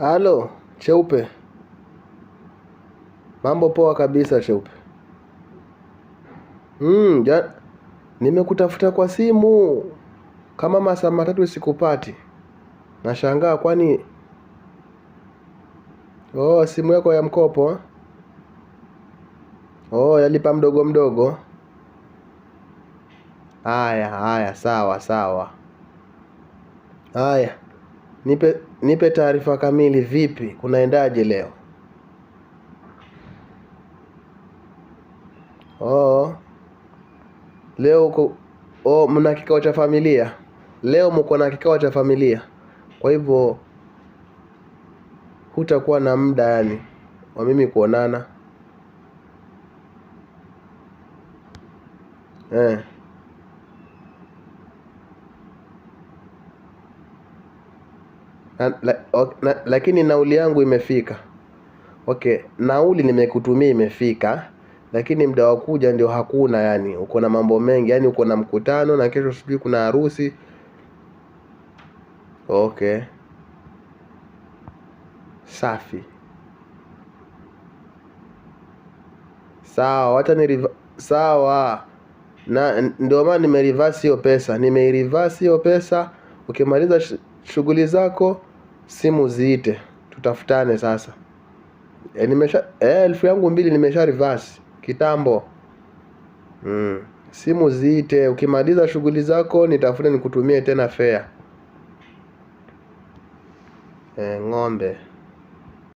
Halo Cheupe, mambo poa kabisa Cheupe. Mm, ja, nimekutafuta kwa simu kama masaa matatu sikupati. Nashangaa kwani. Oh, simu yako ya mkopo? Eh? Oh, yalipa mdogo mdogo. Haya haya, sawa sawa. Haya nipe, nipe taarifa kamili. Vipi, kunaendaje leo? Oh, leo uko oh, mna kikao cha familia leo? Mko na kikao cha familia, kwa hivyo hutakuwa na muda yani wa mimi kuonana eh. na, na, lakini nauli yangu imefika. Okay, nauli nimekutumia imefika, lakini muda wa kuja ndio hakuna. Yani uko na mambo mengi, yani uko na mkutano na kesho sijui kuna harusi. Okay, safi, sawa, wacha ni sawa na ndio maana nimerivasi hiyo pesa, nimeirivasi hiyo pesa. Ukimaliza shughuli zako simu ziite tutafutane sasa. E, nimesha e, elfu yangu mbili nimesha reverse kitambo mm. Simu ziite, ukimaliza shughuli zako nitafute nikutumie tena fare e, ng'ombe